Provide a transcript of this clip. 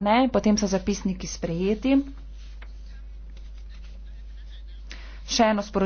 Ne, potem so zapisniki sprejeti. Še eno sporočenje.